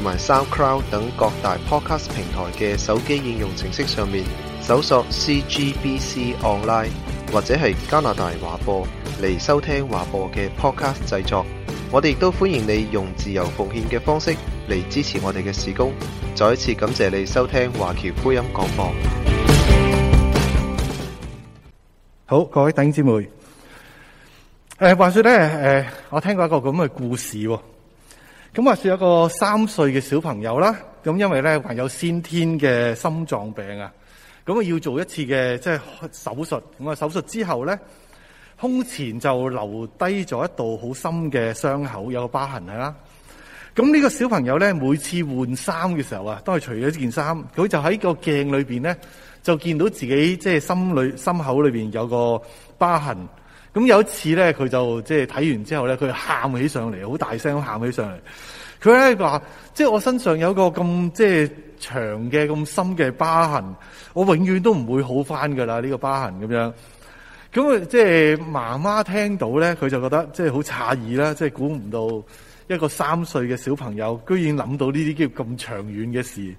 同埋 SoundCloud 等各大 Podcast 平台嘅手機應用程式上面搜索 CGBC Online 或者係加拿大華播嚟收聽華播嘅 Podcast 製作，我哋亦都歡迎你用自由奉獻嘅方式嚟支持我哋嘅事工。再一次感謝你收聽華僑福音廣播。好，各位弟兄姊妹，誒、呃，話說咧，誒、呃，我聽過一個咁嘅故事。咁話說有一個三歲嘅小朋友啦，咁因為咧患有先天嘅心臟病啊，咁啊要做一次嘅即係手術，咁啊手術之後咧胸前就留低咗一道好深嘅傷口，有個疤痕係啦。咁、這、呢個小朋友咧每次換衫嘅時候啊，都係除咗件衫，佢就喺個鏡裏邊咧就見到自己即係心裏心口裏邊有個疤痕。咁有一次咧，佢就即係睇完之後咧，佢喊起上嚟，好大聲咁喊起上嚟。佢咧話：即係我身上有個咁即係長嘅、咁深嘅疤痕，我永遠都唔會好翻噶啦，呢個疤痕咁樣。咁啊，即係媽媽聽到咧，佢就覺得即係好詫異啦，即係估唔到一個三歲嘅小朋友，居然諗到呢啲叫咁長遠嘅事。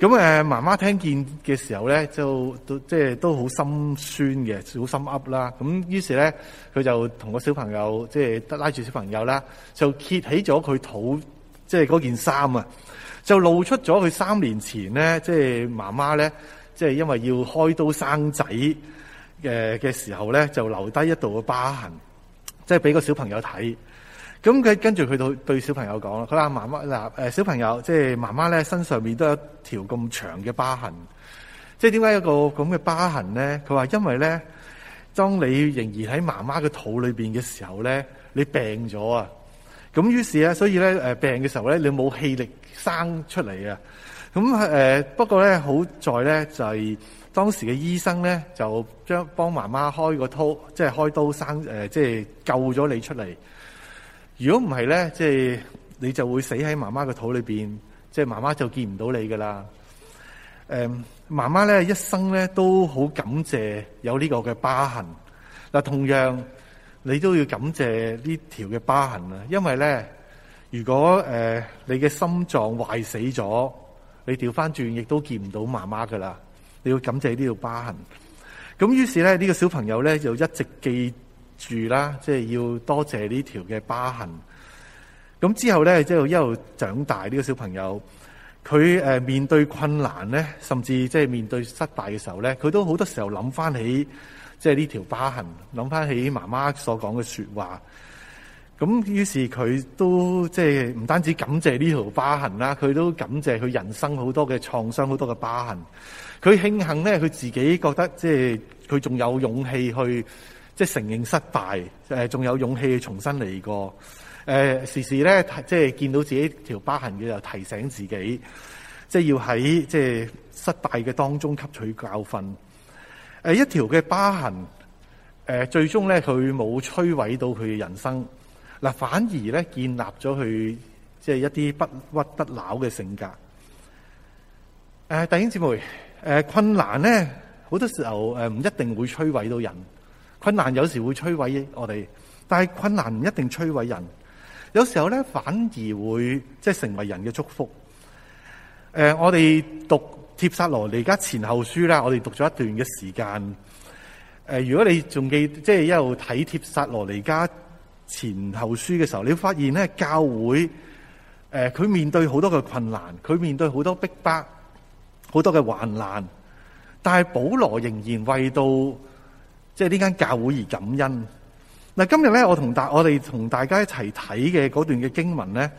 咁誒，媽媽聽見嘅時候咧，就都即係都好心酸嘅，好心噏啦。咁於是咧，佢就同個小朋友即係拉住小朋友啦，就揭起咗佢肚即係嗰件衫啊，就露出咗佢三年前咧，即係媽媽咧，即係因為要開刀生仔嘅時候咧，就留低一道嘅疤痕，即係俾個小朋友睇。咁佢跟住佢到對小朋友講啦，佢話媽媽嗱誒小朋友，即係媽媽咧身上面都有條咁長嘅疤痕，即係點解一個咁嘅疤痕咧？佢話因為咧，當你仍然喺媽媽嘅肚裏面嘅時候咧，你病咗啊，咁於是咧，所以咧誒病嘅時候咧，你冇氣力生出嚟啊，咁誒不過咧好在咧就係、是、當時嘅醫生咧就將幫媽媽開個刀，即係開刀生誒即係救咗你出嚟。如果唔係呢，即係你就會死喺媽媽嘅肚裏邊，即係媽媽就見唔到你噶啦。誒、嗯，媽媽呢一生呢都好感謝有呢個嘅疤痕。嗱，同樣你都要感謝呢條嘅疤痕啊，因為呢，如果誒你嘅心臟壞死咗，你調翻轉亦都見唔到媽媽噶啦。你要感謝呢條疤痕。咁於是呢，呢個小朋友呢就一直記。住啦，即係要多謝呢條嘅疤痕。咁之後呢，即係一路長大呢個小朋友，佢誒面對困難呢，甚至即係面對失敗嘅時候呢，佢都好多時候諗翻起即係呢條疤痕，諗翻起媽媽所講嘅說話。咁於是佢都即係唔單止感謝呢條疤痕啦，佢都感謝佢人生好多嘅創傷，好多嘅疤痕。佢慶幸呢，佢自己覺得即係佢仲有勇氣去。即係承認失敗，誒、呃、仲有勇氣重新嚟過，誒、呃、時時咧即係見到自己條疤痕嘅就提醒自己，即係要喺即係失敗嘅當中吸取教訓。誒、呃、一條嘅疤痕，誒、呃、最終咧佢冇摧毀到佢嘅人生，嗱、呃、反而咧建立咗佢即係一啲不屈不撓嘅性格。誒、呃、弟兄姊妹，誒、呃、困難咧好多時候誒唔一定會摧毀到人。困難有時會摧毀我哋，但係困難唔一定摧毀人，有時候咧反而會即係成為人嘅祝福。誒，我哋讀帖撒羅尼迦前後書啦，我哋讀咗一段嘅時間。誒，如果你仲記即係一路睇帖撒羅尼迦前後書嘅時候，你會發現咧教會誒，佢面對好多嘅困難，佢面對好多逼迫，好多嘅患難，但係保羅仍然為到。即係呢間教會而感恩。嗱，今日咧我同大我哋同大家一齊睇嘅嗰段嘅經文咧，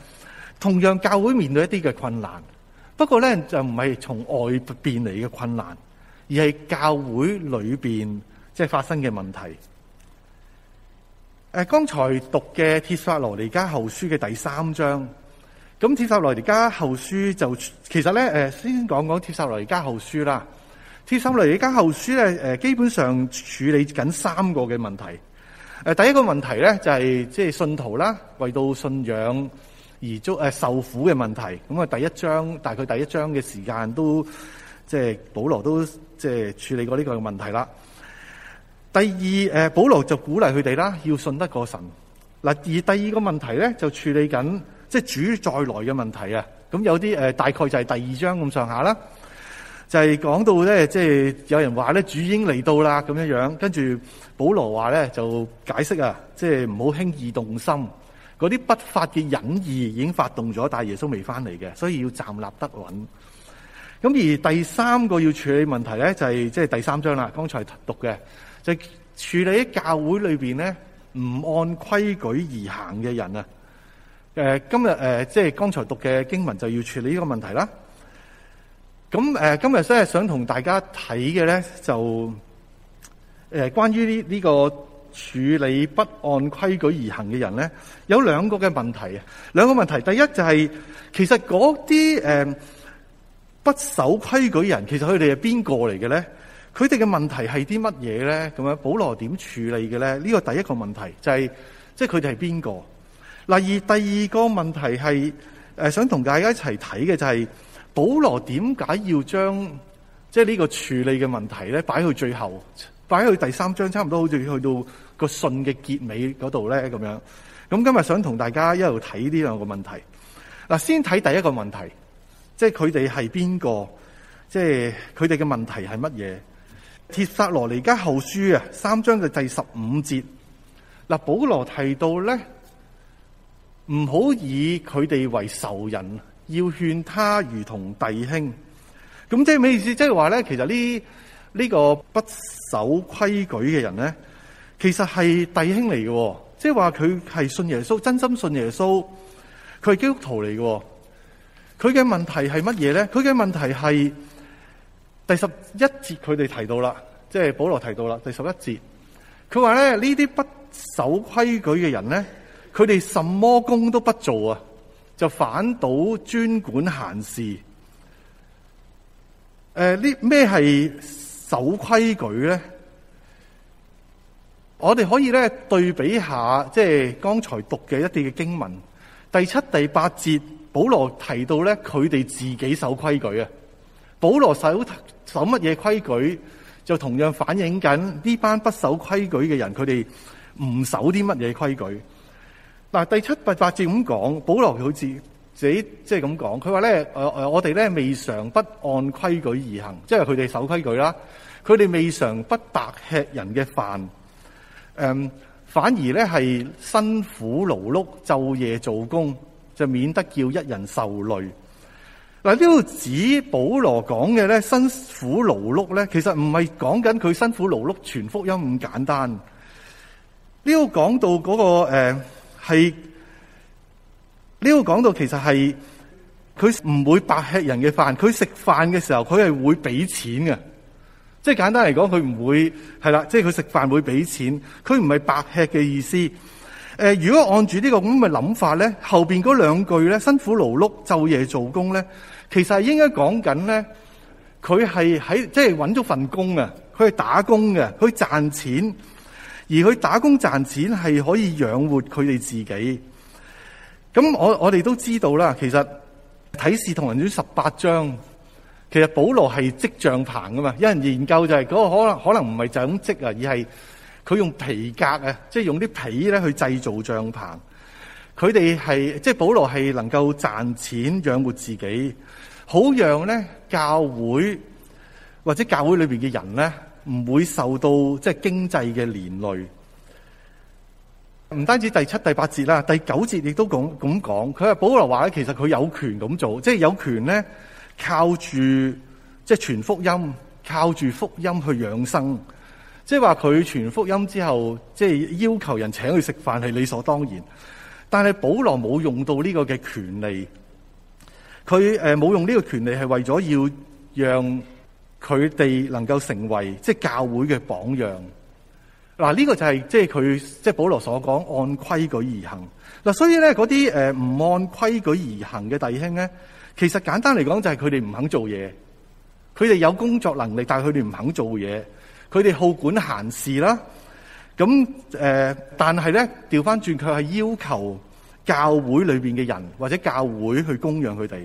同樣教會面對一啲嘅困難，不過咧就唔係從外邊嚟嘅困難，而係教會裏邊即係發生嘅問題。誒，剛才讀嘅《帖撒羅尼迦後書》嘅第三章，咁《帖撒羅尼迦後書》就其實咧，誒，先講講《帖撒羅尼迦後書》啦。《帖撒羅尼迦後書》咧，誒基本上處理緊三個嘅問題。第一個問題咧，就係即係信徒啦，為到信仰而遭誒受苦嘅問題。咁啊，第一章大概第一章嘅時間都即係保羅都即係處理過呢個問題啦。第二誒，保羅就鼓勵佢哋啦，要信得過神。嗱，而第二個問題咧，就處理緊即係主再來嘅問題啊。咁有啲誒，大概就係第二章咁上下啦。就係講到咧，即、就、係、是、有人話咧主英嚟到啦，咁樣樣。跟住保羅話咧就解釋啊，即係唔好輕易動心。嗰啲不法嘅隱意已經發動咗，但係耶穌未翻嚟嘅，所以要站立得穩。咁而第三個要處理問題咧、就是，就係即係第三章啦。剛才讀嘅就是、處理喺教會裏邊咧，唔按規矩而行嘅人啊。誒、呃，今日誒，即、呃、係、就是、剛才讀嘅經文就要處理呢個問題啦。咁誒，今日真係想同大家睇嘅咧，就誒關於呢呢個處理不按規矩而行嘅人咧，有兩個嘅問題啊，兩個問題。第一就係、是、其實嗰啲誒不守規矩人，其實佢哋係邊個嚟嘅咧？佢哋嘅問題係啲乜嘢咧？咁樣保羅點處理嘅咧？呢、這個第一個問題就係即係佢哋係邊個？嗱、就是，而第二個問題係想同大家一齊睇嘅就係、是。保羅點解要將即係呢個處理嘅問題咧，擺去最後，擺去第三章，差唔多好似去到個信嘅結尾嗰度咧，咁樣。咁今日想同大家一路睇呢兩個問題。嗱，先睇第一個問題，即係佢哋係邊個，即係佢哋嘅問題係乜嘢？帖撒羅尼迦後書啊，三章嘅第十五節。嗱，保羅提到咧，唔好以佢哋為仇人。要勸他如同弟兄，咁即係咩意思？即係話咧，其實呢呢個不守規矩嘅人咧，其實係弟兄嚟嘅，即係話佢係信耶穌，真心信耶穌，佢係基督徒嚟嘅。佢嘅問題係乜嘢咧？佢嘅問題係第十一節佢哋提到啦，即係保羅提到啦，第十一節，佢話咧呢啲不守規矩嘅人咧，佢哋什麼功都不做啊！就反倒專管閒事。誒、呃，呢咩係守規矩咧？我哋可以咧對比下，即係剛才讀嘅一啲嘅經文，第七、第八節，保羅提到咧佢哋自己守規矩啊。保羅守守乜嘢規矩？就同樣反映緊呢班不守規矩嘅人，佢哋唔守啲乜嘢規矩。嗱，第七八八節咁講，保羅好似自己即係咁講，佢話咧，我哋咧未嘗不按規矩而行，即係佢哋守規矩啦。佢哋未嘗不白吃人嘅飯，誒、嗯，反而咧係辛苦勞碌，晝夜做工，就免得叫一人受累。嗱、嗯、呢度指保羅講嘅咧辛苦勞碌咧，其實唔係講緊佢辛苦勞碌傳福音咁簡單。呢度講到嗰、那個、呃係呢個講到，其實係佢唔會白吃人嘅飯。佢食飯嘅時候，佢係會俾錢嘅。即係簡單嚟講，佢唔會係啦。即係佢食飯會俾錢，佢唔係白吃嘅意思。誒、呃，如果按住呢個咁嘅諗法咧，後邊嗰兩句咧，辛苦勞碌、晝夜做工咧，其實係應該講緊咧，佢係喺即係揾咗份工啊，佢係打工嘅，佢賺錢。而佢打工賺錢係可以養活佢哋自己。咁我我哋都知道啦，其實《使徒行傳》十八章，其實保羅係織帳棚噶嘛。有人研究就係嗰個可能可能唔係就咁織啊，而係佢用皮革啊，即係用啲皮咧去製造帳棚。佢哋係即係保羅係能夠賺錢養活自己，好讓咧教會或者教會裏面嘅人咧。唔會受到即係、就是、經濟嘅連累，唔單止第七、第八節啦，第九節亦都咁咁講。佢係保羅話咧，其實佢有權咁做，即、就、係、是、有權咧靠住即係傳福音，靠住福音去養生。即係話佢傳福音之後，即、就、係、是、要求人請佢食飯係理所當然。但係保羅冇用到呢個嘅權利，佢誒冇用呢個權利係為咗要讓。佢哋能夠成為即係、就是、教會嘅榜樣，嗱、這、呢個就係即係佢即係保羅所講按規矩而行。嗱，所以咧嗰啲唔按規矩而行嘅弟兄咧，其實簡單嚟講就係佢哋唔肯做嘢。佢哋有工作能力，但係佢哋唔肯做嘢。佢哋好管閒事啦。咁誒，但係咧調翻轉佢係要求教會裏面嘅人或者教會去供養佢哋。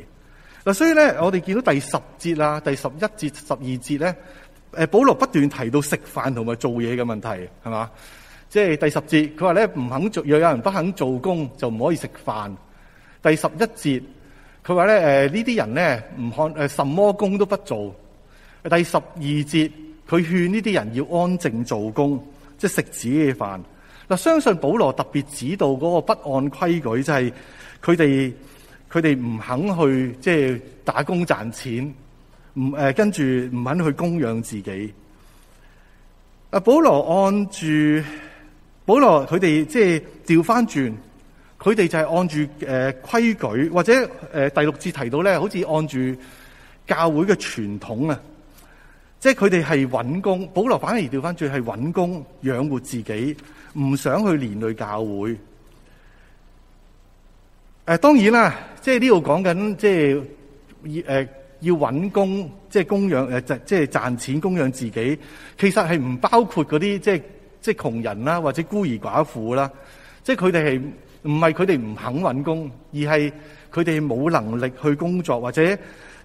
嗱，所以咧，我哋見到第十節啦，第十一節、十二節咧，保羅不斷提到食飯同埋做嘢嘅問題，係嘛？即係第十節，佢話咧唔肯做，有有人不肯做工就唔可以食飯。第十一節，佢話咧呢啲人咧唔看誒什麼工都不做。第十二節，佢勸呢啲人要安靜做工，即係食自己嘅飯。嗱，相信保羅特別指導嗰個不按規矩，就係佢哋。佢哋唔肯去即係、就是、打工賺錢，唔誒跟住唔肯去供養自己。阿保羅按住保羅佢哋即係調翻轉，佢哋就係按住誒、呃、規矩，或者誒、呃、第六節提到咧，好似按住教會嘅傳統啊，即係佢哋係揾工。保羅反而調翻轉係揾工養活自己，唔想去連累教會。誒當然啦，即係呢度講緊，即係誒要搵工，即係供養誒賺，即係賺錢供養自己。其實係唔包括嗰啲即係即係窮人啦，或者孤兒寡婦啦。即係佢哋係唔係佢哋唔肯搵工，而係佢哋冇能力去工作，或者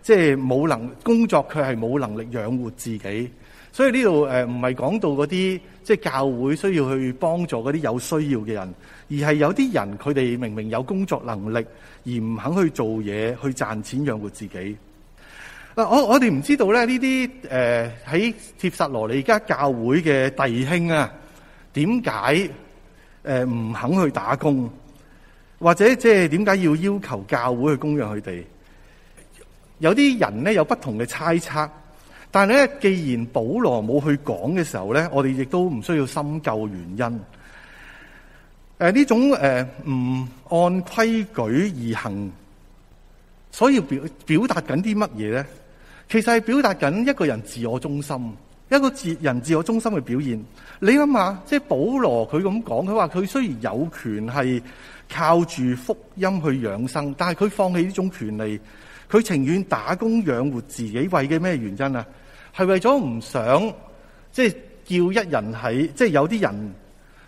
即係冇能工作佢係冇能力養活自己。所以呢度誒唔係講到嗰啲即係教會需要去幫助嗰啲有需要嘅人，而係有啲人佢哋明明有工作能力，而唔肯去做嘢去賺錢養活自己。嗱，我我哋唔知道咧呢啲誒喺帖撒羅尼迦教會嘅弟兄啊，點解誒唔肯去打工，或者即係點解要要求教會去供養佢哋？有啲人咧有不同嘅猜測。但係咧，既然保羅冇去講嘅時候咧，我哋亦都唔需要深究原因。誒、呃,呢種誒唔、呃、按規矩而行,所以表表達緊啲乜嘢咧？其實係表達緊一個人自我中心，一個自人自我中心嘅表現。你諗下，即係保羅佢咁講，佢話佢雖然有權係靠住福音去養生，但係佢放棄呢種權利。佢情願打工養活自己，為嘅咩原因啊？係為咗唔想，即係叫一人喺，即係有啲人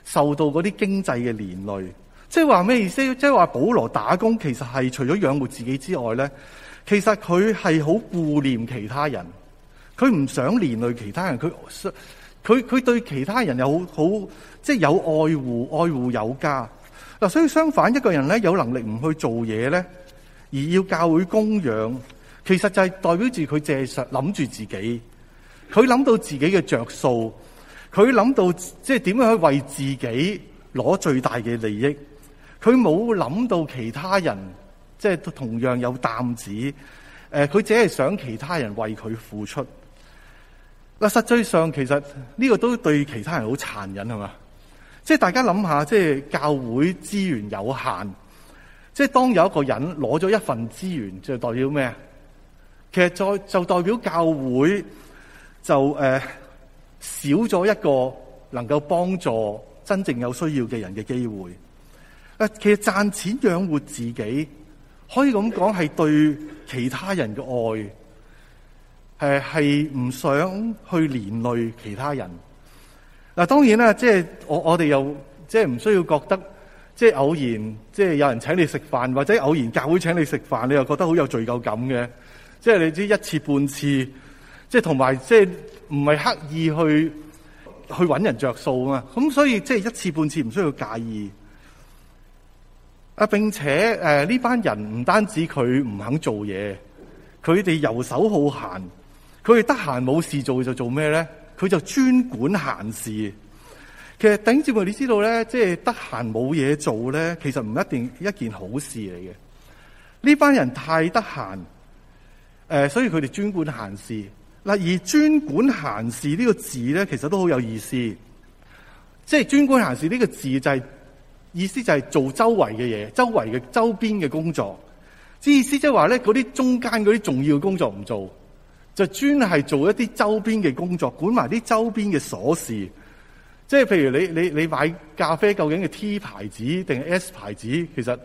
受到嗰啲經濟嘅連累。即係話咩意思？即係話保羅打工，其實係除咗養活自己之外咧，其實佢係好顧念其他人，佢唔想連累其他人。佢佢佢對其他人有好好，即係有愛護、愛護有加。嗱，所以相反，一個人咧有能力唔去做嘢咧，而要教會供養，其實就係代表住佢淨係諗住自己，佢諗到自己嘅著數，佢諗到即係點樣去為自己攞最大嘅利益，佢冇諗到其他人即係同樣有擔子。誒，佢只係想其他人為佢付出。嗱，實際上其實呢個都對其他人好殘忍，係嘛？即係大家諗下，即係教會資源有限。即係當有一個人攞咗一份資源，就代表咩？其實再就代表教會就、誒、少咗一個能夠幫助真正有需要嘅人嘅機會。其實賺錢養活自己，可以咁講係對其他人嘅愛。係、誒、唔想去連累其他人。嗱，當然啦，即係我我哋又即係唔需要覺得。即係偶然，即係有人請你食飯，或者偶然教會請你食飯，你又覺得好有罪疚感嘅。即係你知一次半次，即係同埋即係唔係刻意去去揾人着數啊嘛，咁所以即係一次半次唔需要介意。啊！並且誒呢班人唔單止佢唔肯做嘢，佢哋遊手好閒，佢哋得閒冇事做就做咩咧？佢就專管閒事。其實頂住我，你知道咧，即係得閒冇嘢做咧，其實唔一定一件好事嚟嘅。呢班人太得閒，誒，所以佢哋專管閒事。嗱，而專管閒事呢個字咧，其實都好有意思。即係專管閒事呢個字，就係意思就係做周圍嘅嘢，周圍嘅周邊嘅工作。啲意思即係話咧，嗰啲中間嗰啲重要工作唔做，就專係做一啲周邊嘅工作，管埋啲周邊嘅瑣事。即係譬如你你你買咖啡究竟係 T 牌子定係 S 牌子，其實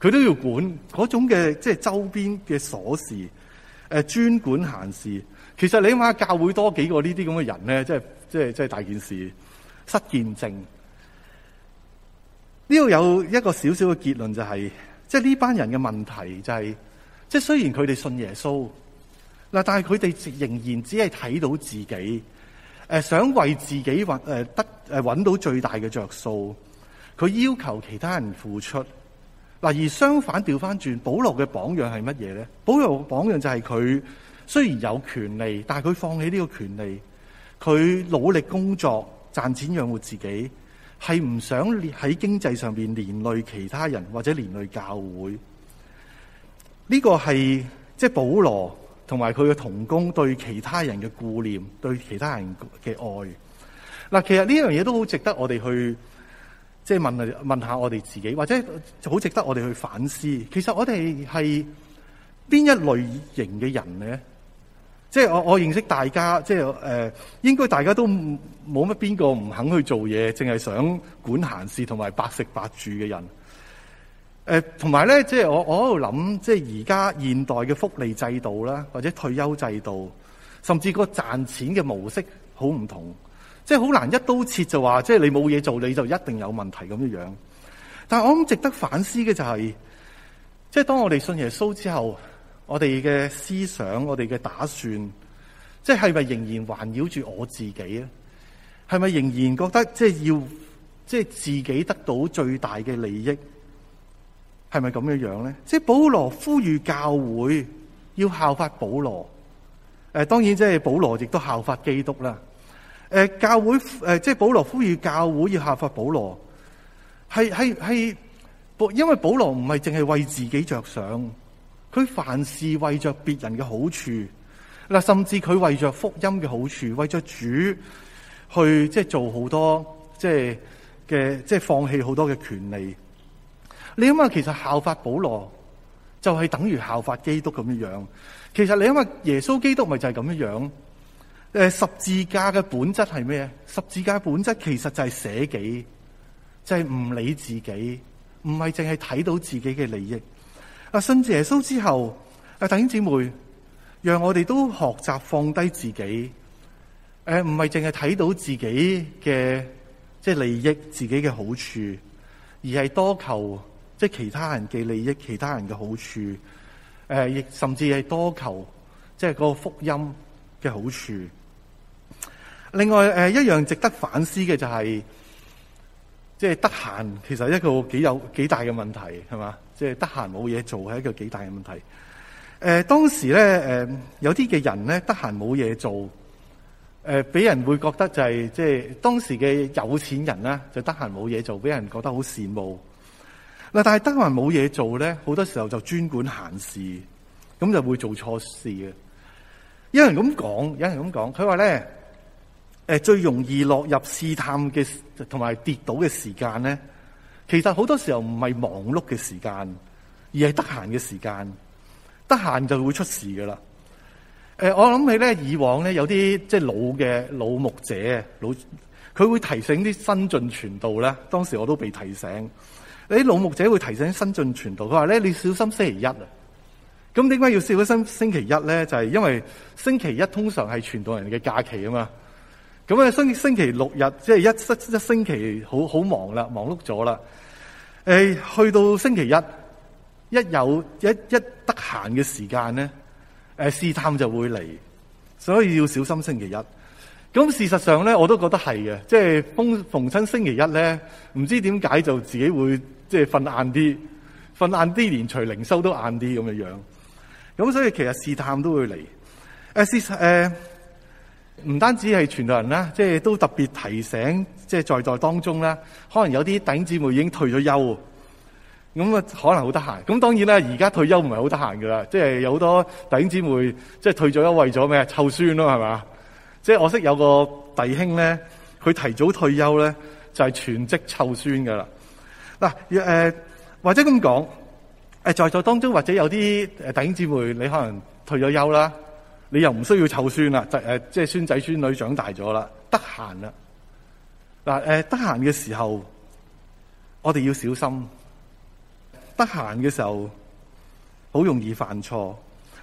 佢都要管嗰種嘅即係周邊嘅瑣事，誒專管閒事。其實你起碼教會多幾個呢啲咁嘅人咧，即係即係即係大件事，失見證。呢度有一個小小嘅結論就係，即係呢班人嘅問題就係，即係雖然佢哋信耶穌，嗱但係佢哋仍然只係睇到自己。誒，想為自己誒得誒揾到最大嘅着數，佢要求其他人付出。嗱，而相反調翻轉，保羅嘅榜樣係乜嘢咧？保羅嘅榜樣就係佢雖然有權利，但係佢放棄呢個權利。佢努力工作賺錢養活自己，係唔想喺經濟上邊連累其他人或者連累教會。呢個係即係保羅。同埋佢嘅同工對其他人嘅顧念，對其他人嘅愛。嗱，其實呢樣嘢都好值得我哋去，即係問問下我哋自己，或者好值得我哋去反思。其實我哋係邊一類型嘅人咧？即係我我認識大家，即係誒、呃、應該大家都冇乜邊個唔肯去做嘢，淨係想管閒事同埋白食白住嘅人。誒，同埋咧，即係我我喺度諗，即係而家現代嘅福利制度啦，或者退休制度，甚至個賺錢嘅模式好唔同，即係好難一刀切就話，即係你冇嘢做你就一定有問題咁樣樣。但係我諗值得反思嘅就係，即係當我哋信耶穌之後，我哋嘅思想、我哋嘅打算，即係係咪仍然環繞住我自己咧？係咪仍然覺得即係要即係自己得到最大嘅利益？係咪咁嘅樣咧？即係保羅呼籲教會要效法保羅。誒、呃，當然即係保羅亦都效法基督啦。誒、呃，教會誒、呃，即係保羅呼籲教會要效法保羅。係係係，因為保羅唔係淨係為自己着想，佢凡事為着別人嘅好處嗱，甚至佢為着福音嘅好處，為着主去即係做好多即係嘅，即係放棄好多嘅權利。你諗下，其實效法保羅就係等於效法基督咁樣樣。其實你諗下，耶穌基督咪就係咁樣樣？誒，十字架嘅本質係咩？十字架本質其實就係捨己，就係、是、唔理自己，唔係淨係睇到自己嘅利益。啊，信耶穌之後，啊弟兄姊妹，讓我哋都學習放低自己，誒，唔係淨係睇到自己嘅即係利益、自己嘅好處，而係多求。即係其他人嘅利益，其他人嘅好處，誒亦甚至係多求，即係個福音嘅好處。另外誒一樣值得反思嘅就係，即係得閒其實一個幾有幾大嘅問題係嘛？即係得閒冇嘢做係一個幾大嘅問題。誒當時咧，誒有啲嘅人咧得閒冇嘢做，誒俾人會覺得就係即係當時嘅有錢人咧就得閒冇嘢做，俾人覺得好羨慕。但係得閒冇嘢做咧，好多時候就專管閒事，咁就會做錯事嘅。有人咁講，有人咁講，佢話咧，誒最容易落入試探嘅同埋跌倒嘅時間咧，其實好多時候唔係忙碌嘅時間，而係得閒嘅時間。得閒就會出事噶啦。誒，我諗起咧，以往咧有啲即係老嘅老牧者老，佢會提醒啲新進傳道咧。當時我都被提醒。你啲老牧者會提醒新進傳道，佢話咧：你小心星期一啊！咁點解要小心星期一咧？就係、是、因為星期一通常係傳道人嘅假期啊嘛。咁啊，星星期六日即係一一星期好好忙啦，忙碌咗啦、哎。去到星期一，一有一一得閒嘅時間咧，試探就會嚟，所以要小心星期一。咁事實上咧，我都覺得係嘅，即係逢逢親星期一咧，唔知點解就自己會即係瞓晏啲，瞓晏啲連除靈修都晏啲咁嘅樣,樣。咁所以其實試探都會嚟。誒、啊、事實唔、啊、單止係傳道人啦，即係都特別提醒，即係在在當中啦。可能有啲弟兄姊妹已經退咗休，咁啊可能好得閒。咁當然啦，而家退休唔係好得閒噶啦，即係有好多弟兄姊妹即係退咗休了為咗咩湊孫咯，係嘛？即係我識有個弟兄咧，佢提早退休咧，就係全職湊孫噶啦。嗱誒，或者咁講，誒在座當中或者有啲誒弟兄姊妹，你可能退咗休啦，你又唔需要湊孫啦，就誒即係孫仔孫女長大咗啦，得閒啦。嗱誒，得閒嘅時候，我哋要小心。得閒嘅時候，好容易犯錯。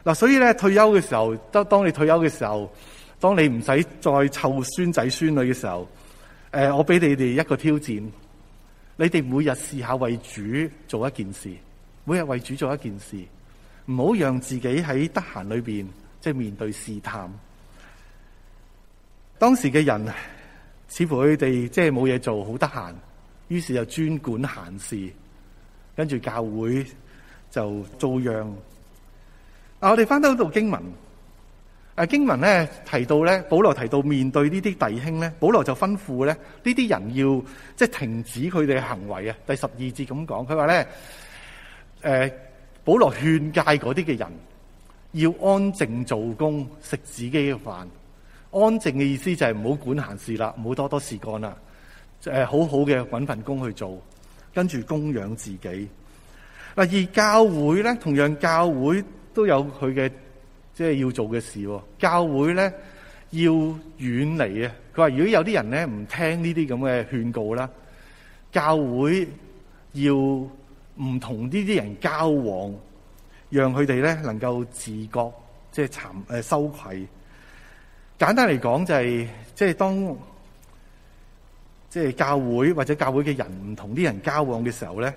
嗱，所以咧，退休嘅時候，當當你退休嘅時候。當你唔使再湊孫仔孫女嘅時候，誒、呃，我俾你哋一個挑戰，你哋每日試下為主做一件事，每日為主做一件事，唔好讓自己喺得閒裏邊即係面對試探。當時嘅人似乎佢哋即係冇嘢做，好得閒，於是就專管閒事，跟住教會就遭殃。啊，我哋翻到度經文。誒，經文咧提到咧，保羅提到面對呢啲弟兄咧，保羅就吩咐咧呢啲人要即係停止佢哋嘅行為啊。第十二節咁講，佢話咧，誒、呃，保羅勸誡嗰啲嘅人要安靜做工，食自己嘅飯。安靜嘅意思就係唔好管閒事啦，唔好多多事幹啦，好好嘅搵份工去做，跟住供養自己。嗱，而教會咧，同樣教會都有佢嘅。即係要做嘅事喎，教會咧要遠離啊！佢話如果有啲人咧唔聽呢啲咁嘅勸告啦，教會要唔同呢啲人交往，讓佢哋咧能夠自覺即係慚誒羞愧。簡單嚟講就係、是、即係當即係教會或者教會嘅人唔同啲人交往嘅時候咧，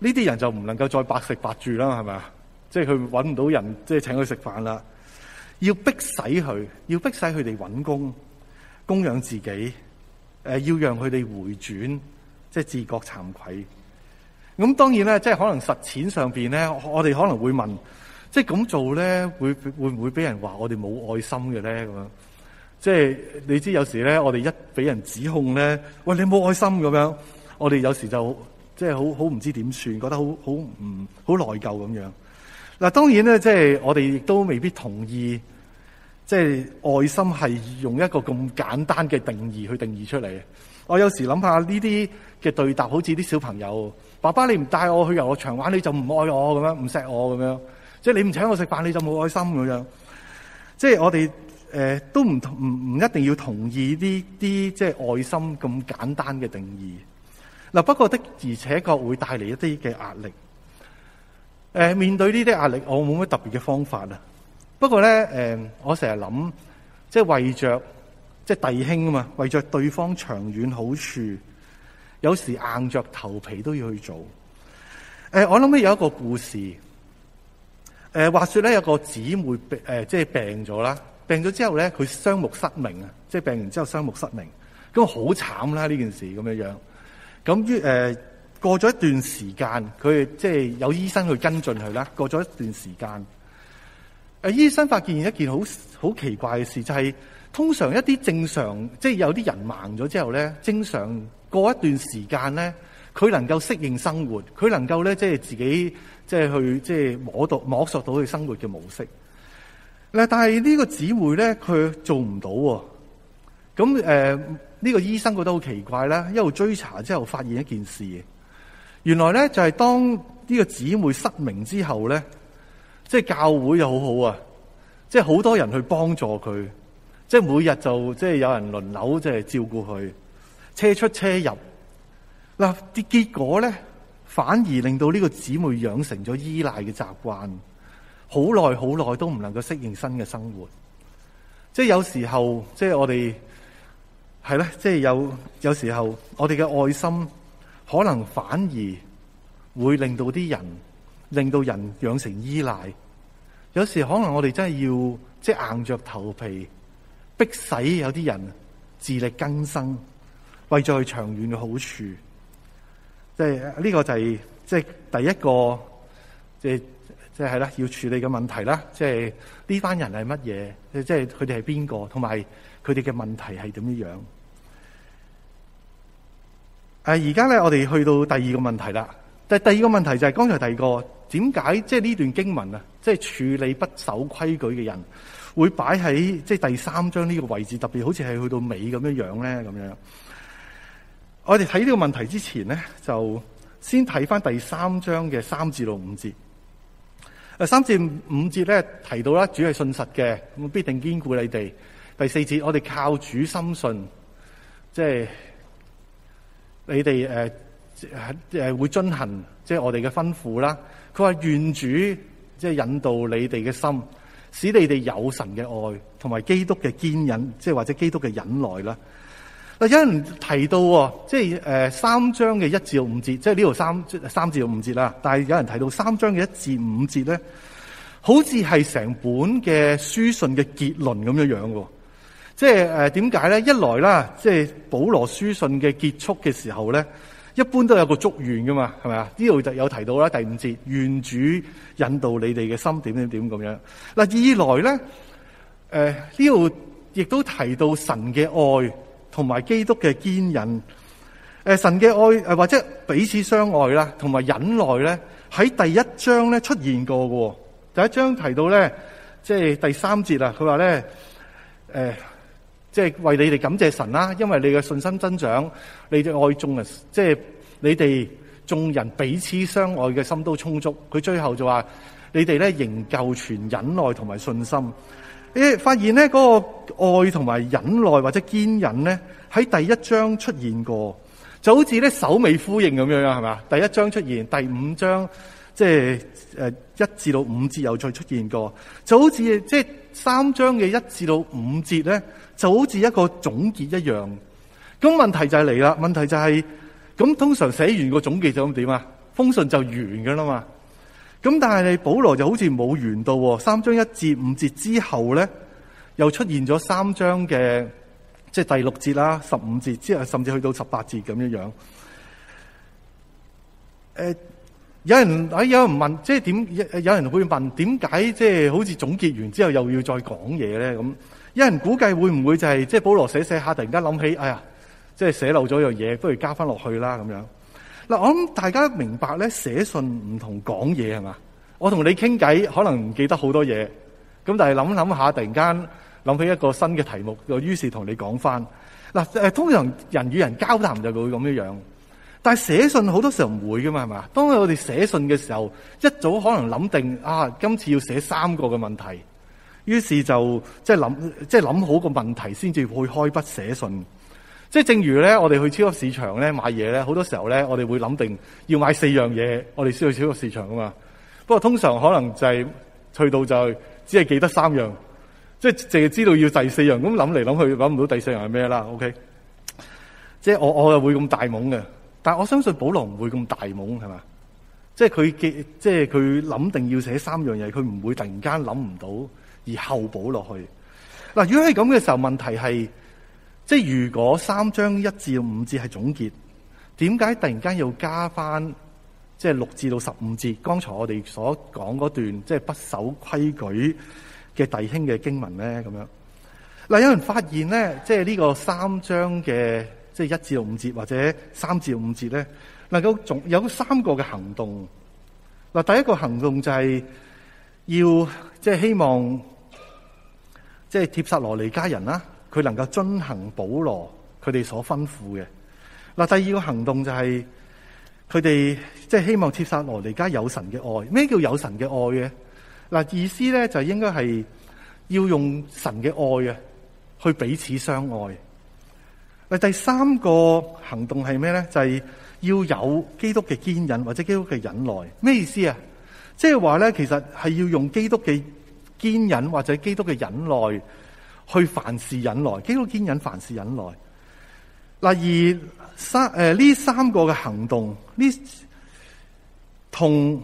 呢啲人就唔能夠再白食白住啦，係咪啊？即係佢揾唔到人，即係請佢食飯啦。要逼使佢，要逼使佢哋揾工，供養自己。呃，要讓佢哋回轉，即係自覺慚愧。咁當然咧，即係可能實踐上面咧，我哋可能會問，即係咁做咧，會會唔會俾人話我哋冇愛心嘅咧？咁樣即係你知有時咧，我哋一俾人指控咧，喂，你冇愛心咁樣，我哋有時就即係好好唔知點算，覺得好好唔好內疚咁樣。嗱，當然咧，即係我哋亦都未必同意，即係愛心係用一個咁簡單嘅定義去定義出嚟嘅。我有時諗下呢啲嘅對答，好似啲小朋友，爸爸你唔帶我去遊樂場玩，你就唔愛我咁樣，唔錫我咁樣，即係你唔請我食飯，你就冇愛心咁樣。即係我哋呃都唔唔唔一定要同意呢啲即係愛心咁簡單嘅定義。嗱，不過的而且確會帶嚟一啲嘅壓力。誒，面對呢啲壓力，我冇乜特別嘅方法啊。不過咧，誒，我成日諗，即係為着即係弟兄啊嘛，為着對方長遠好處，有時硬着頭皮都要去做。誒、呃，我諗起有一個故事。誒、呃，話說咧有個姊妹，誒、呃，即係病咗啦，病咗之後咧，佢雙目失明啊，即係病完之後雙目失明，咁好慘啦，呢件事咁樣樣。咁於誒。呃過咗一段時間，佢即係有醫生去跟進佢啦。過咗一段時間，誒，醫生發現一件好好奇怪嘅事，就係通常一啲正常，即係有啲人盲咗之後咧，正常過一段時間咧，佢能夠適應生活，佢能夠咧即係自己即係去即係摸到摸索到佢生活嘅模式。嗱，但係呢個姊妹咧，佢做唔到喎。咁誒，呢個醫生覺得好奇怪啦，一路追查之後發現一件事。原來咧就係當呢個姊妹失明之後咧，即係教會又好好啊，即係好多人去幫助佢，即係每日就即係有人輪流即係照顧佢，車出車入。嗱，啲結果咧反而令到呢個姊妹養成咗依賴嘅習慣，好耐好耐都唔能夠適應新嘅生活。即係有時候，即係我哋係啦，即係有有時候，我哋嘅愛心。可能反而會令到啲人，令到人養成依賴。有時可能我哋真係要即係、就是、硬着頭皮，逼使有啲人自力更生，為咗去長遠嘅好處。即係呢個就係即係第一個，即係即係啦，要處理嘅問題啦。即係呢班人係乜嘢？即係佢哋係邊個？同埋佢哋嘅問題係點樣？誒，而家咧，我哋去到第二個問題啦。第第二個問題就係剛才第二個，點解即係呢段經文啊，即係處理不守規矩嘅人，會擺喺即係第三章呢個位置，特別好似係去到尾咁樣樣咧，咁樣。我哋睇呢個問題之前咧，就先睇翻第三章嘅三至到五節。誒，三至五節咧提到啦，主係信實嘅，必定堅固你哋。第四節，我哋靠主深信，即係。你哋誒誒會遵行，即係我哋嘅吩咐啦。佢話願主即係引導你哋嘅心，使你哋有神嘅愛，同埋基督嘅堅忍，即係或者基督嘅忍耐啦。嗱，有人提到喎，即係誒三章嘅一至五節，即係呢度三三至五節啦。但係有人提到三章嘅一至五節咧，好似係成本嘅書信嘅結論咁樣樣喎。即係誒，點解咧？一來啦，即係保羅書信嘅結束嘅時候咧，一般都有個祝願噶嘛，係咪啊？呢度就有提到啦，第五節，願主引導你哋嘅心，點點點咁樣。嗱，二來咧，誒呢度亦都提到神嘅愛同埋基督嘅堅忍。誒，神嘅愛誒，或者彼此相愛啦，同埋忍耐咧，喺第一章咧出現過喎，第一章提到咧，即係第三節啦，佢話咧，誒、呃。即係為你哋感謝神啦、啊，因為你嘅信心增長，你哋愛眾人，即、就、係、是、你哋眾人彼此相愛嘅心都充足。佢最後就話：你哋咧仍舊存忍耐同埋信心。誒、哎，發現咧嗰、那個愛同埋忍耐或者堅忍咧，喺第一章出現過，就好似咧首尾呼應咁樣樣係咪？第一章出現，第五章即係、就是、一至到五節又再出現過，就好似即係，就是三章嘅一至到五節咧，就好似一個總結一樣。咁問題就係嚟啦，問題就係、是、咁通常寫完個總結就咁點啊？封信就完噶啦嘛。咁但係你保羅就好似冇完到，三章一至五節之後咧，又出現咗三章嘅即係第六節啦、啊、十五節之後甚至去到十八節咁樣樣。誒。有人誒，有人問，即係點？有有人會問點解？即係好似總結完之後又要再講嘢咧？咁有人估計會唔會就係，即係保羅寫寫下，突然間諗起，哎呀，即係寫漏咗樣嘢，不如加翻落去啦咁樣。嗱，我諗大家明白咧，寫信唔同講嘢係嘛？我同你傾偈，可能唔記得好多嘢，咁但係諗諗下，突然間諗起一個新嘅題目，就於是同你講翻。嗱，誒，通常人與人交談就會咁樣樣。但係寫信好多時候唔會噶嘛，係嘛？當我哋寫信嘅時候，一早可能諗定啊，今次要寫三個嘅問題，於是就即係諗即係諗好個問題，先至會開筆寫信。即係正如咧，我哋去超級市場咧買嘢咧，好多時候咧，我哋會諗定要買四樣嘢，我哋先去超級市場噶嘛。不過通常可能就係去到就只係記得三樣，即係淨係知道要第四樣，咁諗嚟諗去諗唔到第四樣係咩啦。OK，即係我我又會咁大懵嘅。但係我相信保羅唔會咁大懵係嘛？即係佢嘅，即係佢諗定要寫三樣嘢，佢唔會突然間諗唔到而後補落去。嗱，如果係咁嘅時候，問題係即係如果三章一至五節係總結，點解突然間要加翻即係六至到十五節？剛才我哋所講嗰段即係、就是、不守規矩嘅弟兄嘅經文咧，咁樣嗱，有人發現咧，即係呢個三章嘅。即係一至五節或者三至五節咧，能夠仲有三個嘅行動。嗱，第一個行動就係要即係、就是、希望即係、就是、帖撒羅尼迦人啦、啊，佢能夠遵行保羅佢哋所吩咐嘅。嗱，第二個行動就係佢哋即係希望帖撒羅尼迦有神嘅愛。咩叫有神嘅愛嘅？嗱，意思咧就是、應該係要用神嘅愛啊，去彼此相愛。第三個行動係咩咧？就係、是、要有基督嘅堅忍或者基督嘅忍耐。咩意思啊？即係話咧，其實係要用基督嘅堅忍或者基督嘅忍耐去凡事忍耐。基督堅忍，凡事忍耐。例而三誒呢、呃、三個嘅行動，呢同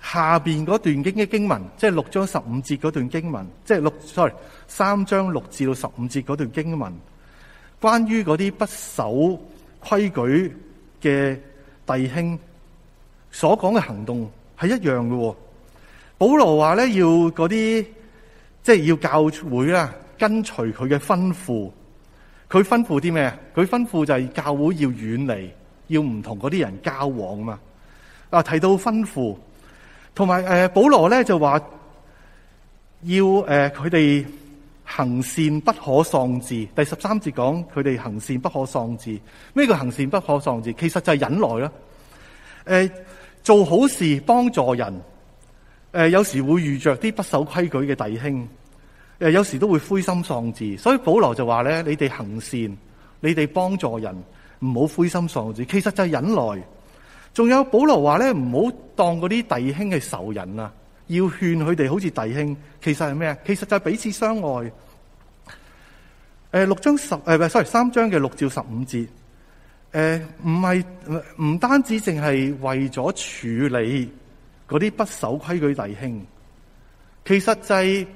下邊嗰段經嘅經文，即係六章十五節嗰段經文，即係六，sorry，三章六至到十五節嗰段經文。關於嗰啲不守規矩嘅弟兄所講嘅行動係一樣嘅，保羅話咧，要嗰啲即係要教會啦，跟隨佢嘅吩咐。佢吩咐啲咩？佢吩咐就係教會要遠離，要唔同嗰啲人交往嘛。啊，提到吩咐，同埋誒，保羅咧就話要誒佢哋。呃行善不可喪志。第十三節講佢哋行善不可喪志。咩叫行善不可喪志？其實就係忍耐啦。誒、呃，做好事幫助人，誒、呃、有時會遇着啲不守規矩嘅弟兄，誒、呃、有時都會灰心喪志。所以保羅就話咧，你哋行善，你哋幫助人，唔好灰心喪志。其實就係忍耐。仲有保羅話咧，唔好當嗰啲弟兄係仇人啊，要勸佢哋好似弟兄。其實係咩啊？其實就係彼此相愛。誒，六章十誒，唔係，sorry，三章嘅六照十五節。誒、呃，唔係唔單止淨係為咗處理嗰啲不守規矩弟兄，其實就係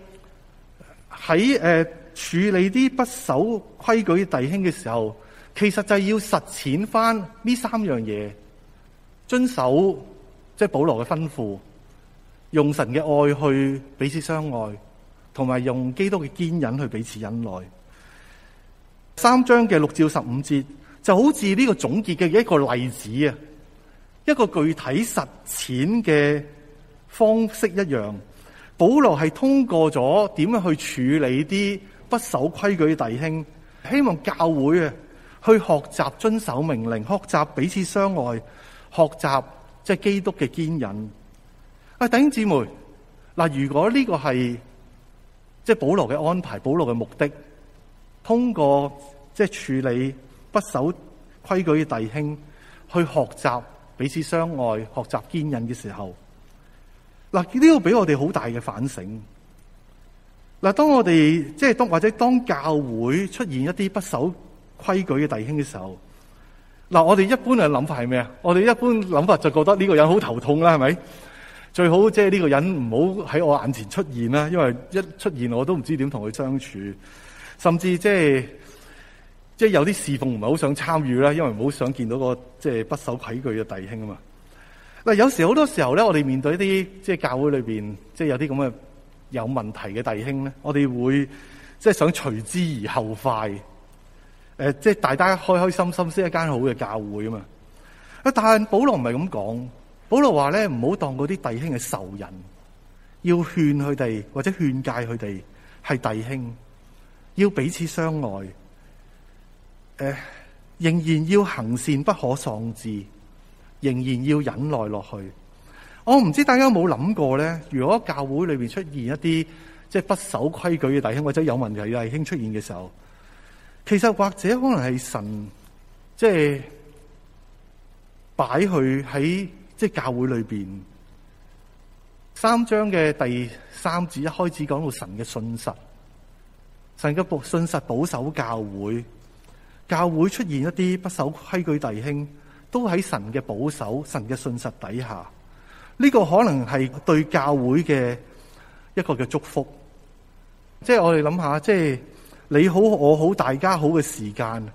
喺誒處理啲不守規矩弟兄嘅時候，其實就係要實踐翻呢三樣嘢，遵守即係、就是、保羅嘅吩咐，用神嘅愛去彼此相愛，同埋用基督嘅堅忍去彼此忍耐。三章嘅六至十五節就好似呢個總結嘅一個例子啊，一個具體實踐嘅方式一樣。保羅係通過咗點樣去處理啲不守規矩嘅弟兄，希望教會啊去學習遵守命令，學習彼此相愛，學習即係基督嘅堅忍。啊，弟兄姊妹，嗱，如果呢個係即係保羅嘅安排，保羅嘅目的。通過即係、就是、處理不守規矩嘅弟兄，去學習彼此相愛，學習堅韌嘅時候，嗱呢個俾我哋好大嘅反省。嗱，當我哋即係當或者當教會出現一啲不守規矩嘅弟兄嘅時候，嗱我哋一般嘅諗法係咩啊？我哋一般諗法就覺得呢個人好頭痛啦，係咪？最好即係呢個人唔好喺我眼前出現啦，因為一出現我都唔知點同佢相處。甚至即係即係有啲侍奉唔係好想參與啦，因為唔好想見到、那個即係、就是、不守規矩嘅弟兄啊嘛。嗱，有時好多時候咧，我哋面對一啲即係教會裏邊即係有啲咁嘅有問題嘅弟兄咧，我哋會即係、就是、想隨之而後快。誒，即係大家開開心心先一間好嘅教會啊嘛。啊，但係保羅唔係咁講。保羅話咧，唔好當嗰啲弟兄係仇人，要勸佢哋或者勸戒佢哋係弟兄。要彼此相愛，誒、呃，仍然要行善，不可喪志，仍然要忍耐落去。我唔知大家有冇諗過咧？如果教會裏邊出現一啲即係不守規矩嘅弟兄，或者有問題嘅弟兄出現嘅時候，其實或者可能係神即係擺去喺即係教會裏邊，三章嘅第三節開始講到神嘅信實。神嘅信實保守教會，教會出現一啲不守規矩弟兄，都喺神嘅保守、神嘅信實底下。呢個可能係對教會嘅一個嘅祝福。即係我哋諗下，即係你好我好大家好嘅時間，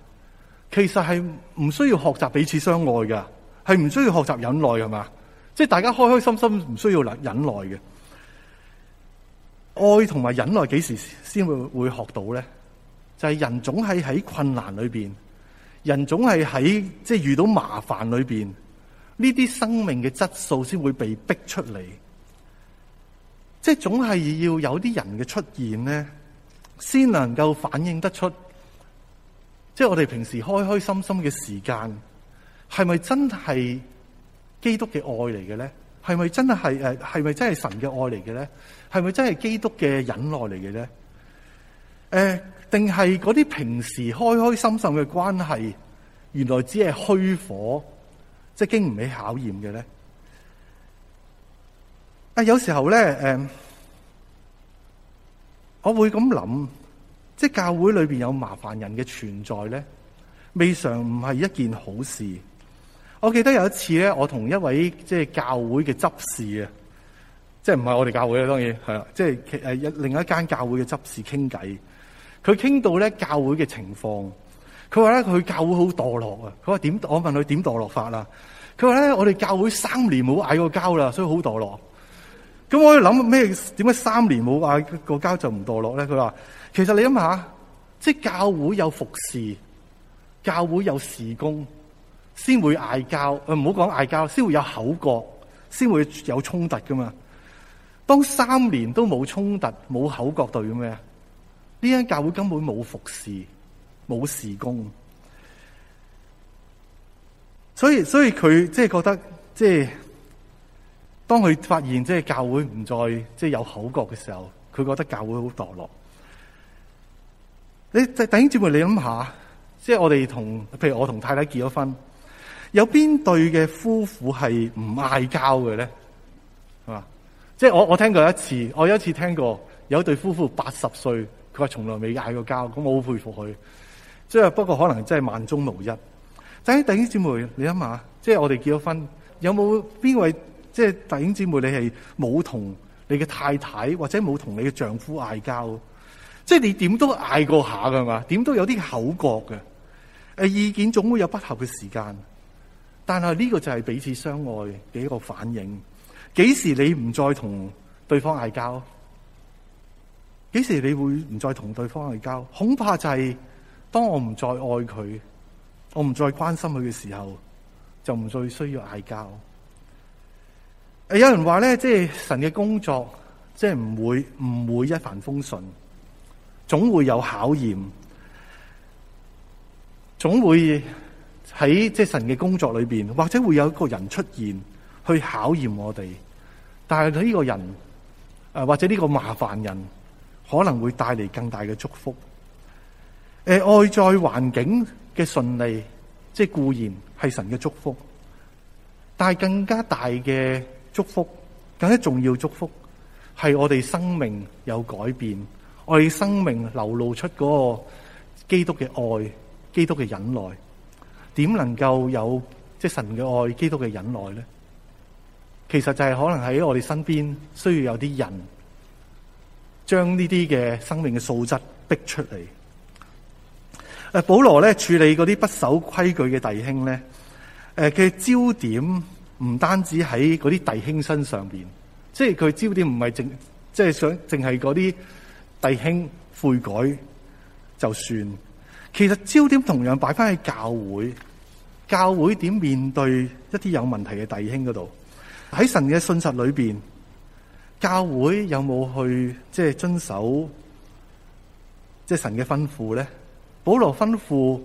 其實係唔需要學習彼此相愛㗎，係唔需要學習忍耐係嘛？即係大家開開心心，唔需要忍耐嘅。愛同埋忍耐幾時先會會學到咧？就係、是、人總係喺困難裏邊，人總係喺即係遇到麻煩裏邊，呢啲生命嘅質素先會被逼出嚟。即、就、係、是、總係要有啲人嘅出現咧，先能夠反映得出。即、就、係、是、我哋平時開開心心嘅時間，係咪真係基督嘅愛嚟嘅咧？係咪真係誒？係咪真係神嘅愛嚟嘅咧？係咪真係基督嘅忍耐嚟嘅咧？誒、呃，定係嗰啲平時開開心心嘅關係，原來只係虛火，即係經唔起考驗嘅咧？啊、呃，有時候咧，誒、呃，我會咁諗，即係教會裏邊有麻煩人嘅存在咧，未嘗唔係一件好事。我記得有一次咧，我同一位即係教會嘅執事啊。即係唔係我哋教會咧？當然係啦。即係誒一另一間教會嘅執事傾偈，佢傾到咧教會嘅情況。佢話咧，佢教會好墮落啊！佢話點？我問佢點墮落法啦。佢話咧，我哋教會三年冇嗌過交啦，所以好墮落。咁我喺諗咩？點解三年冇嗌過交就唔墮落咧？佢話其實你諗下，即係教會有服侍，教會有事工，先會嗌交。誒唔好講嗌交，先會有口角，先會有衝突噶嘛。當三年都冇衝突、冇口角，代表咩？呢間教會根本冇服侍、冇事工，所以所以佢即係覺得，即係當佢發現即係教會唔再即係有口角嘅時候，佢覺得教會好墮落。你第弟兄姊妹，你諗下，即係我哋同，譬如我同太太結咗婚，有邊對嘅夫婦係唔嗌交嘅咧？係嘛？即係我我聽過一次，我有一次聽過有一對夫婦八十歲，佢話從來未嗌過交，咁我好佩服佢。即係不過可能真係萬中無一。但係弟兄姊妹，你諗下，即係我哋結咗婚，有冇邊位即係弟兄姊妹你係冇同你嘅太太或者冇同你嘅丈夫嗌交？即係你點都嗌過下噶嘛？點都有啲口角嘅。誒，意見總會有不合嘅時間，但係呢個就係彼此相愛嘅一個反應。幾時你唔再同對方嗌交？幾時你會唔再同對方嗌交？恐怕就係當我唔再愛佢，我唔再關心佢嘅時候，就唔再需要嗌交。誒，有人話咧，即係神嘅工作，即係唔會唔會一帆風順，總會有考驗，總會喺即係神嘅工作裏邊，或者會有一個人出現。去考驗我哋，但係呢個人，誒或者呢個麻煩人，可能會帶嚟更大嘅祝福。誒外在環境嘅順利，即係固然係神嘅祝福，但係更加大嘅祝福，更加重要祝福，係我哋生命有改變，我哋生命流露出嗰個基督嘅愛，基督嘅忍耐，點能夠有即係神嘅愛，基督嘅忍耐咧？其實就係可能喺我哋身邊需要有啲人，將呢啲嘅生命嘅素質逼出嚟。誒，保羅咧處理嗰啲不守規矩嘅弟兄咧，誒嘅焦點唔單止喺嗰啲弟兄身上邊，即係佢焦點唔係淨即係想淨係嗰啲弟兄悔改就算。其實焦點同樣擺翻喺教會，教會點面對一啲有問題嘅弟兄嗰度？喺神嘅信實裏邊，教會有冇去即係遵守即係神嘅吩咐咧？保羅吩咐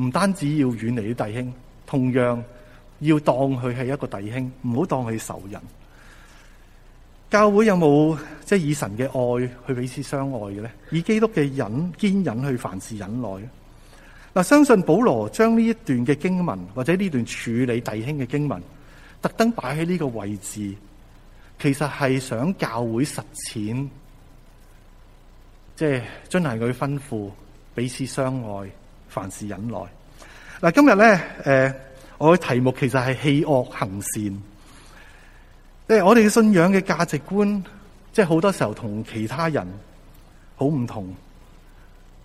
唔單止要遠離啲弟兄，同樣要當佢係一個弟兄，唔好當佢仇人。教會有冇即係以神嘅愛去彼此相愛嘅咧？以基督嘅忍堅忍去凡事忍耐咧？嗱，相信保羅將呢一段嘅經文或者呢段處理弟兄嘅經文。特登擺喺呢個位置，其實係想教會實踐，即係遵行佢吩咐，彼此相愛，凡事忍耐。嗱，今日咧，誒、呃，我嘅題目其實係棄惡行善。即、呃、係我哋嘅信仰嘅價值觀，即係好多時候同其他人好唔同。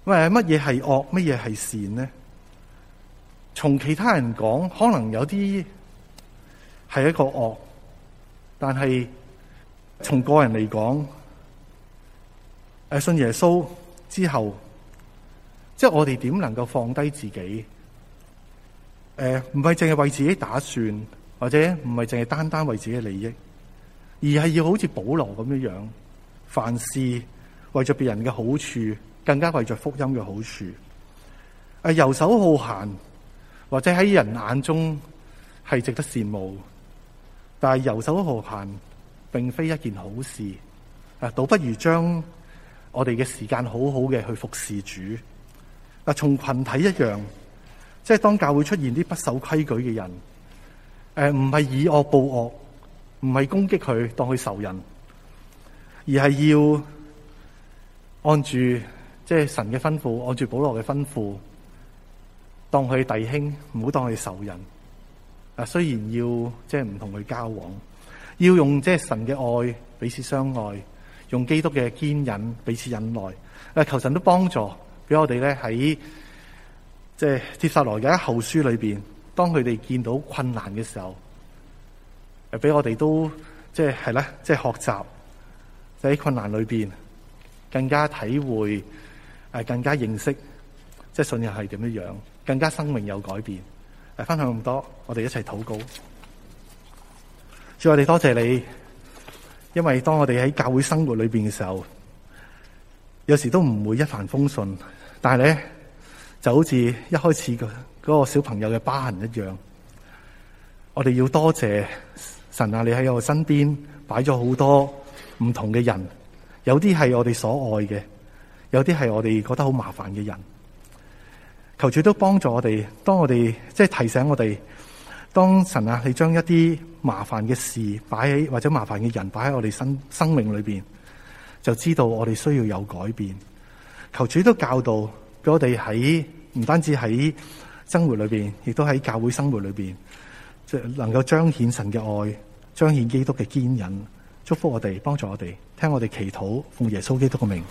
喂，乜嘢係惡？乜嘢係善呢？從其他人講，可能有啲，係一個惡，但係從個人嚟講，誒，信耶穌之後，即係我哋點能夠放低自己？誒、呃，唔係淨係為自己打算，或者唔係淨係單單為自己利益，而係要好似保羅咁樣樣，凡事為咗別人嘅好處，更加為咗福音嘅好處。誒、呃，游手好閒或者喺人眼中係值得羨慕。但係遊手好閒並非一件好事，啊，倒不如將我哋嘅時間好好嘅去服侍主。嗱，從群體一樣，即係當教會出現啲不守規矩嘅人，誒，唔係以惡報惡，唔係攻擊佢當佢仇人，而係要按住即係神嘅吩咐，按住保羅嘅吩咐，當佢弟兄，唔好當佢仇人。啊，雖然要即係唔同佢交往，要用即係神嘅愛彼此相愛，用基督嘅堅忍彼此忍耐。啊，求神都幫助俾我哋咧，喺即係帖撒羅尼迦後書裏邊，當佢哋見到困難嘅時候，誒俾我哋都即係係咧，即係學習喺困難裏邊更加體會，誒更加認識，即係信仰係點樣樣，更加生命有改變。分享咁多，我哋一齊禱告。主我哋多謝你，因為當我哋喺教會生活裏邊嘅時候，有時都唔會一帆風順，但係咧就好似一開始嗰個小朋友嘅疤痕一樣。我哋要多謝神啊！你喺我身邊擺咗好多唔同嘅人，有啲係我哋所愛嘅，有啲係我哋覺得好麻煩嘅人。求主都幫助我哋，當我哋即係提醒我哋，當神啊，你將一啲麻煩嘅事擺喺或者麻煩嘅人擺喺我哋生生命裏邊，就知道我哋需要有改變。求主都教導俾我哋喺唔單止喺生活裏邊，亦都喺教會生活裏邊，即能夠彰顯神嘅愛，彰顯基督嘅堅忍，祝福我哋，幫助我哋，聽我哋祈禱，奉耶穌基督嘅名。